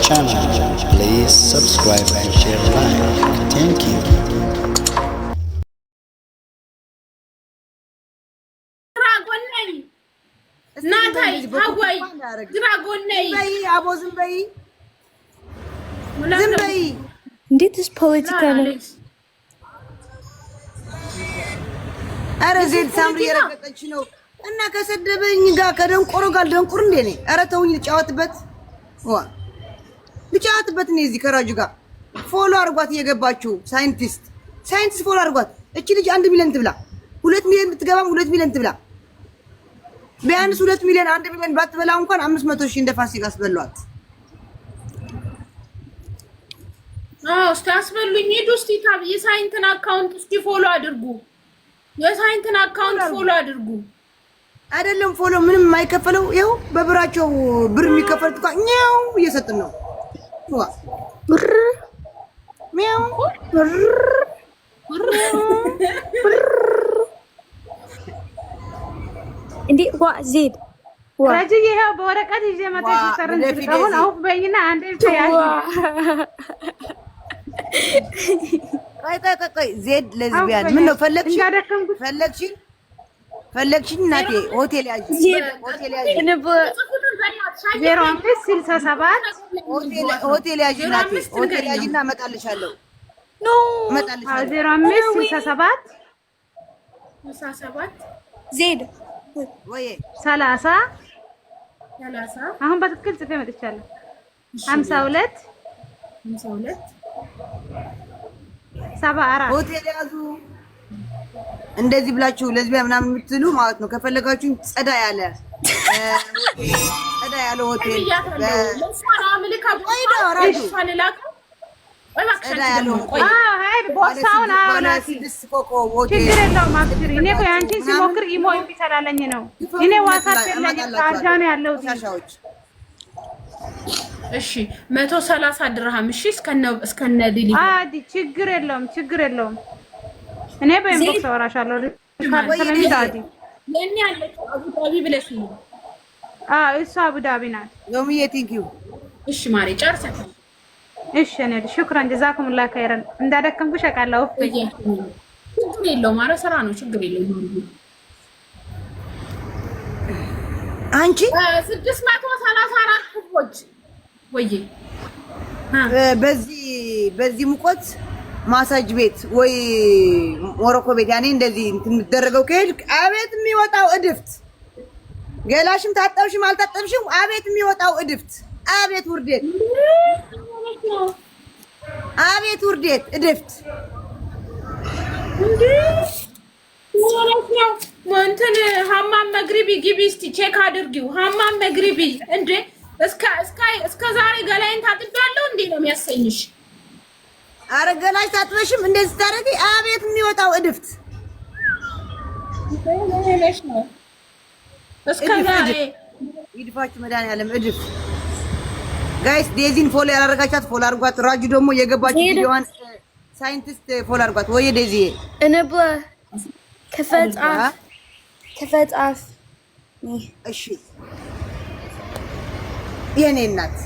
channel. Please subscribe and share like. Thank you. ናታይ አዋይ አቦ ዝም በይ ዝም በይ። እንዴትስ ፖለቲካ ነው? አረ ዜድ ሳምሪ የረገጠች ነው እና ከሰደበኝ ጋር ከደንቆሮ ጋር ደንቁር እንዴ ነኝ። አረ ተውኝ ልጫወትበት ዋ ልጫትበት ነው እዚህ ከራጁ ጋር ፎሎ አርጓት እየገባችሁ ሳይንቲስት ሳይንቲስት ፎሎ አርጓት እቺ ልጅ አንድ ሚሊዮን ትብላ፣ ሁለት ሚሊዮን ብትገባም ሁለት ሚሊዮን ትብላ። ቢያንስ ሁለት ሚሊዮን አንድ ሚሊዮን ባትበላ እንኳን አምስት መቶ ሺህ እንደ ፋሲካ አስበሏት። አዎ አስበሉኝ። ሂዱ እስቲ ታብ የሳይንትን አካውንት እስቲ ፎሎ አድርጉ። የሳይንትን አካውንት ፎሎ አድርጉ። አይደለም ፎሎ ምንም የማይከፈለው ይኸው በብራቸው ብር የሚከፈሉት እንኳን እኛው እየሰጥን ነው እንዴ ዋ ዜድ ረጅዬ ይኸው በወረቀት ይዤ መጣሁ። ሲሰርን አሁን አውፍ በይና አንዴ ያሽ ቆይ ቆይ ቆይ ዜድ ለዝቢያን ምን ነው ፈለግሽ? ፈለግሽ ፈለግሽ እናቴ ሆቴል ያዥ ሆቴል ያዥ ዜሮ አምስት ስልሳ ሰባት ሆቴል ያዥና ሆቴል ያዥና እመጣልሻለሁ። ዜሮ አምስት ስልሳ ሰባት ዜድ ሰላሳ አሁን በትክክል ጽፌ መጥቻለሁ። ሀምሳ ሁለት ሰባ አራት ሆቴል ያዙ። እንደዚህ ብላችሁ ለዝቢያ ምናምን የምትሉ ማለት ነው። ከፈለጋችሁ ጸዳ ያለ እዳ ያለ ሆቴል ችግር የለውም። አክስሪ እኔ እኮ ያንቺን ሲሞክር ኢሞ የሚሰላለኝ ነው። እኔ ዋሳት የለኝም፣ ነው ያለው። እሺ መቶ ሰላሳ ድርሃም እሺ፣ እስከነ ዲሊ ችግር የለውም፣ ችግር የለውም። እኔ በኢንቦክስ አወራሻለሁ። ለእኔ ያለችው አቡዳቢ ብለሽ ነው እሱ አቡዳቢ ናት። ሎሚዬ ቲንኪዩ። እሺ ማሬ ጨርሰን። እሺ ነድ ሽኩረን ጀዛኩም ላ ከይረን። እንዳደከምኩሽ አውቃለሁ። ችግር የለውም። ኧረ ስራ ነው፣ ችግር የለውም። አንቺ ስድስት መቶ ሰላሳ አራት ክቦች ወይ በዚህ በዚህ ሙቀት ማሳጅ ቤት ወይ ሞሮኮ ቤት ያኔ እንደዚህ የምትደረገው ከሄድክ አቤት የሚወጣው እድፍት ገላሽም ታጠብሽም አልታጠብሽም፣ አቤት የሚወጣው እድፍት፣ አቤት ውርዴት፣ አቤት ውርዴት፣ እድፍት እንትን ሀማም መግሪቢ ግቢ እስቲ ቼክ አድርጊው። ሀማም መግሪቢ እንዴ! እስከ ዛሬ ገላይን ታጥቤያለሁ እንዴ ነው የሚያሰኝሽ? አረ ገላሽ ታጥበሽም እንደዚህ ታደርጊ፣ አቤት የሚወጣው እድፍት ነው። ይድፋችሁ መድኃኒዓለም እድፍ። ጋይስ ዴዚን ፎሎ ያላረጋቻት ፎሎ አድርጓት። ራጁ ደግሞ የገባችሁ ቪዲዮዋን ሳይንቲስት ፎሎ አድርጓት። ወይ ዴዚ እንበ ክፈት አፍ እሺ የኔ እናት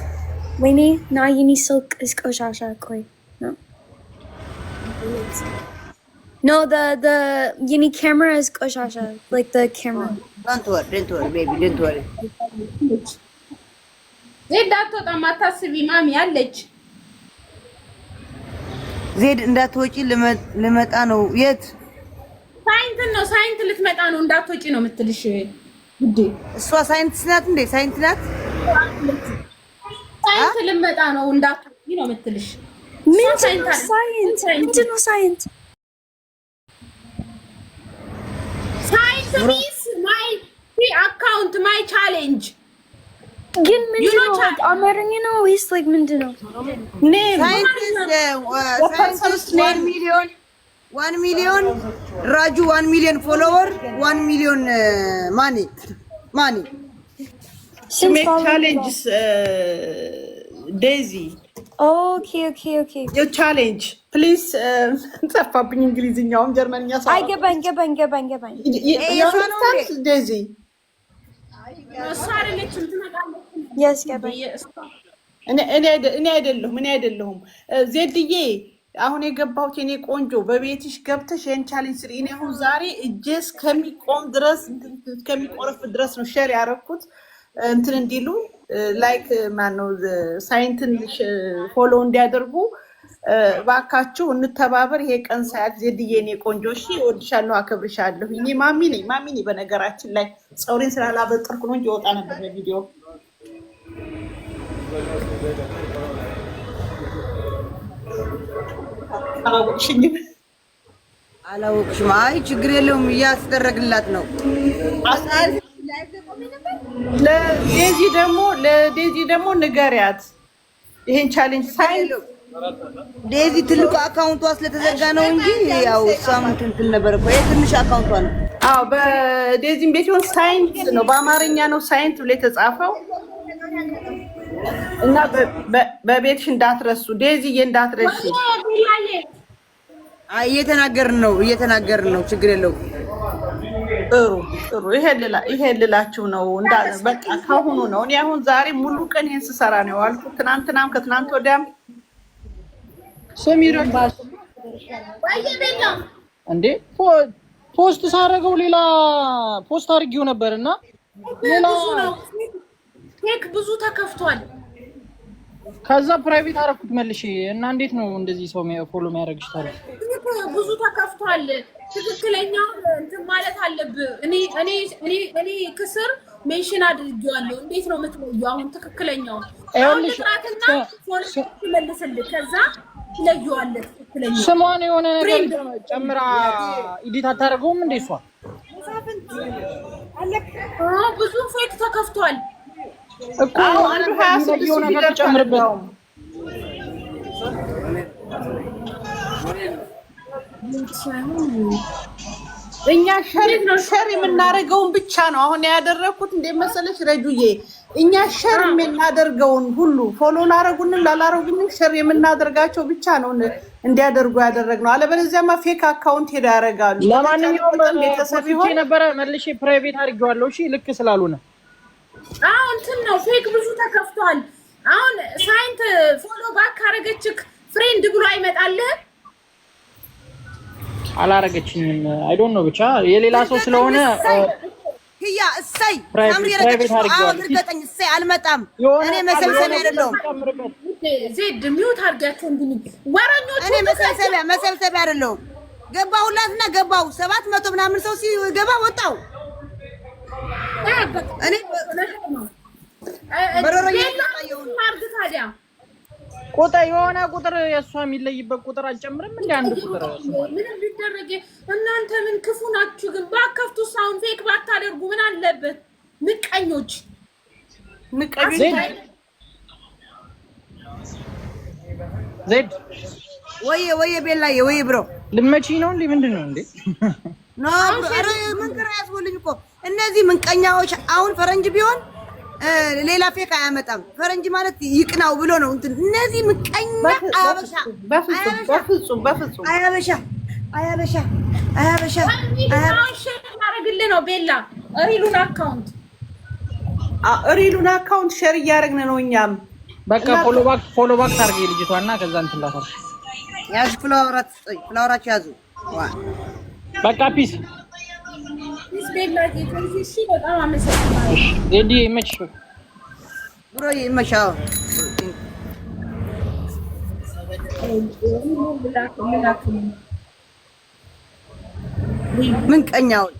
ወይኔ ና የኔ ሰው ቅስቆሻሻ ቆይ ነው No, the the you need camera is Koshasha, like the camera. Don't worry, don't worry, baby, don't worry. ዜድ አትወጣም፣ አታስቢ። ማሚ አለች። ዜድ እንዳትወጪ ልመጣ ነው። የት ሳይንት ነው? ሳይንት ልትመጣ ነው። እንዳትወጪ ነው የምትልሽ እሷ ሳይንት ናት እንዴ? ሳይንት ናት። ሳይንት ልመጣ ነው። እንዳትወጪ ነው የምትልሽ። ምንድን ነው ሳይንት አካውንት ማይ ቻሌንጅ ግን ምንድን ነው አማርኛ ነው ወይስ ላይክ ምንድን ነው? ዋን ሚሊዮን ራጁ ዋን ሚሊዮን ፎሎወር ዋን ሚሊዮን ማኒ ማኒ ሜክ ዴዚ ኦኬ ኦኬ ኦኬ የቻሌንጅ ፕሊዝ um, ጠፋብኝ። እንግሊዝኛውም ጀርመንኛ ሰው አይገባኝ ገባኝ ገባኝ ገባኝ። ዴዚ እኔ አይደለሁም እኔ አይደለሁም። ዜድዬ አሁን የገባሁት የኔ ቆንጆ በቤትሽ ገብተሽ ይህን ቻሌንጅ ስሪ። እኔ አሁን ዛሬ እጄስ ከሚቆም ድረስ ከሚቆረፍ ድረስ ነው ሸር ያረኩት እንትን እንዲሉ ላይክ ማነው ሳይንትን ፎሎ እንዲያደርጉ ባካችሁ እንተባበር። ይሄ ቀን ሳያት ዜድዬ እኔ ቆንጆ እሺ፣ እወድሻለሁ፣ አከብርሻለሁ። እኔ ማሚ ነኝ ማሚ ነኝ። በነገራችን ላይ ፀውሬን ስላላበጠርኩ ነው እንጂ ወጣ ነበር በቪዲዮ አላወቅሽም። አይ ችግር የለውም እያስደረግላት ነው። ለዴዚ ደግሞ ለዴዚ ደግሞ ንገሪያት ይሄን ቻሌንጅ ሳይ ዴዚ ትልቁ አካውንቷ ስለተዘጋ ነው እንጂ ያው እሷም እንትን ነበር እኮ ትንሽ አካውንቷ ነው። አዎ በዴዚም ቤት ይሆን ሳይንስ ነው በአማርኛ ነው ሳይንስ ብሎ የተጻፈው እና በቤትሽ እንዳትረሱ ዴዚዬ፣ እንዳትረሺ እየተናገርን ነው እየተናገርን ነው። ችግር የለውም ጥሩ ጥሩ። ይሄ ልላችሁ ነው። በቃ ከአሁኑ ነው። እኔ አሁን ዛሬ ሙሉ ቀን ይህን ስሰራ ነው የዋልኩት። ትናንትናም ከትናንት ወዲያም ሰሚሮ እንዴ ፖስት ሳረገው ሌላ ፖስት አድርጊው ነበር እና ሌላ ብዙ ተከፍቷል። ከዛ ፕራይቬት አረኩት መልሼ እና እንዴት ነው እንደዚህ ሰው ፎሎ የሚያደርግሽ ታዲያ? ብዙ ተከፍቷል። ትክክለኛ እንትን ማለት አለብህ። እኔ ክስር ሜንሽን አድርጌዋለሁ። እንዴት ነው የምትለዩ? አሁን ትክክለኛው ጥራትና መልስልህ፣ ከዛ ትለየዋለህ። ትክክለኛ ስሟን የሆነ ነገር ጨምራ ኢዲት አታደርገውም እንዴ? እሷ ብዙ ፌክ ተከፍቷል እኮ አንዱ ሀያ ስድስት ጨምርበት እኛ ሸሪፍ ነው ሸር የምናደርገውን ብቻ ነው አሁን ያደረግኩት። እንደ መሰለሽ ረጁዬ እኛ ሸር የምናደርገውን ሁሉ ፎሎ ላረጉን ላላረጉን ሸር የምናደርጋቸው ብቻ ነው እንዲያደርጉ ያደረግነው። አለበለዚያማ ፌክ አካውንት ሄዳ ያደርጋሉ። ለማንኛውም ቤተሰብ ነበረ መልሼ ፕራይቬት አድርጌዋለሁ። እሺ ልክ ስላልሆነ አሁን እንትን ነው ፌክ ብዙ ተከፍቷል። አሁን ሳይንት ፎሎ ባክ አረገችክ ፍሬንድ ብሎ አይመጣልህ አላረገችኝም። አይ ዶንት ኖ ብቻ የሌላ ሰው ስለሆነ ህያ እሰይ ታምሪ የረገጠች አሁን እርገጠኝ። እሰይ አልመጣም። እኔ መሰብሰቢያ አይደለሁም። ዜድ ሚውት አድርጋችሁ ወረኞች። እኔ መሰብሰቢያ መሰብሰቢያ አይደለሁም። ገባሁላትና ገባሁ ሰባት መቶ ምናምን ሰው ሲገባ ወጣው። እኔ በሮሮ ታዲያ ቁጥር የሆነ ቁጥር የእሷ የሚለይበት ቁጥር አልጨምርም። እንደ አንድ ቁጥር ምንም ቢደረግ እናንተ ምን ክፉ ናችሁ ግን? ባከፍቱ ሳሁን ፌክ ባታደርጉ ምን አለበት? ምቀኞች ምቀኞች። ዜድ ወየ ወየ ቤላዬ ወየ ብሮ ልመቺ ነው እንዴ? ምንድን ነው እንዴ? ኖ ኧረ ምን ግራ ያስቦልኝ እኮ እነዚህ ምንቀኛዎች። አሁን ፈረንጅ ቢሆን ሌላ ፌክ አያመጣም። ፈረንጅ ማለት ይቅናው ብሎ ነው እንትን እነዚህ ምቀኛ አያበሻ በፍጹም በፍጹም አያበሻ አያበሻ አያበሻ አረግልህ ነው ቤላ ሪሉን አካውንት ሪሉን አካውንት ሼር እያደረግን ነው እኛም በቃ ፎሎ ባክ ፎሎ ባክ ታርጌ ልጅቷ እና ከዛ እንትን ላታ ያዝ ፍላወራት ፍላወራችሁ ያዙ በቃ ፒስ በጣም አመሰግናለሁ። ምንቀኛውን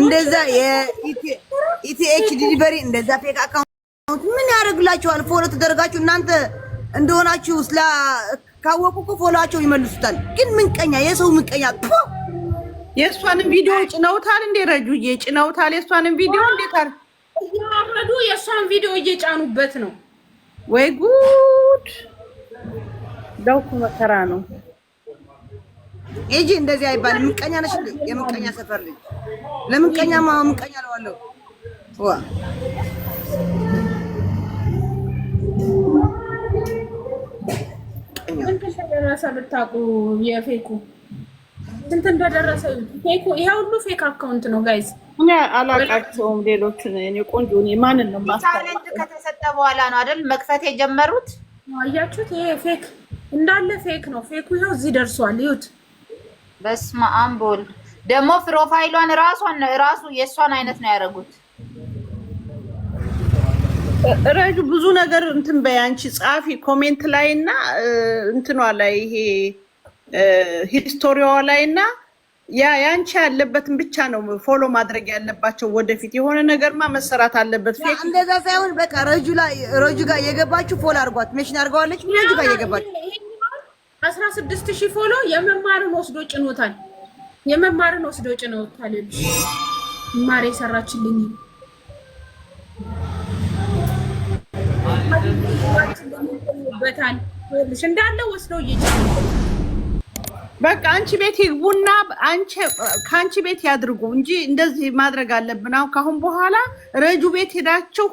እንደዛ የኢቲኤች ዲሊቨሪ እንደዛ ፌክ አካውንት ምን ያደርግላችኋል? ፎሎ ተደረጋችሁ እናንተ እንደሆናችሁ ስላካወቁ እኮ ይመልሱታል። ግን ምንቀኛ፣ የሰው ምንቀኛ የእሷንም ቪዲዮ ጭነውታል እንዴ? ረጁዬ ጭነውታል። የእሷንም ቪዲዮ እንዴት አር እያረዱ የእሷን ቪዲዮ እየጫኑበት ነው። ወይ ጉድ! ደውኩ መከራ ነው እንጂ እንደዚህ አይባል። ምቀኛ ነሽ። የምቀኛ ሰፈር ልጅ ለምቀኛ ማ ምቀኛ ለዋለው ዋ ምንክሽ ለራሳ ብታውቁ የፌኩ ስንት እንደደረሰ ይሄ ሁሉ ፌክ አካውንት ነው ጋይዝ። እኛ አላቃቸውም ሌሎችን። እኔ ቆንጆ ነኝ። ማንን ነው ማስታወቅ ከተሰጠ በኋላ ነው አይደል መክፈት የጀመሩት። አያችሁት? ይሄ ፌክ እንዳለ ፌክ ነው። ፌኩ ይኸው እዚህ ደርሷል። ይሁት በስመ አብ ወልድ። ደግሞ ፕሮፋይሏን ራሷን ራሱ የእሷን አይነት ነው ያደረጉት። ረጅ ብዙ ነገር እንትን በይ አንቺ ጻፊ ኮሜንት ላይ እና እንትኗ ላይ ይሄ ሂስቶሪዋ ላይ እና ያ ያንቺ ያለበትን ብቻ ነው ፎሎ ማድረግ ያለባቸው። ወደፊት የሆነ ነገርማ መሰራት አለበት። እንደዛ ሳይሆን በቃ ረጁ ላይ ረጁ ጋር የገባችሁ ፎሎ አድርጓት። ሜሽን አድርገዋለች። ረጁ ጋር የገባችሁ አስራ ስድስት ሺህ ፎሎ የመማርን ወስዶ ጭኖታል። የመማርን ወስዶ ጭኖታል። ማር የሰራችልኝ በታል እንዳለ ወስደው እየጫ በቃ አንቺ ቤት ይግቡና ከአንቺ ቤት ያድርጉ እንጂ እንደዚህ ማድረግ አለብን። አሁን ከአሁን በኋላ ረጁ ቤት ሄዳችሁ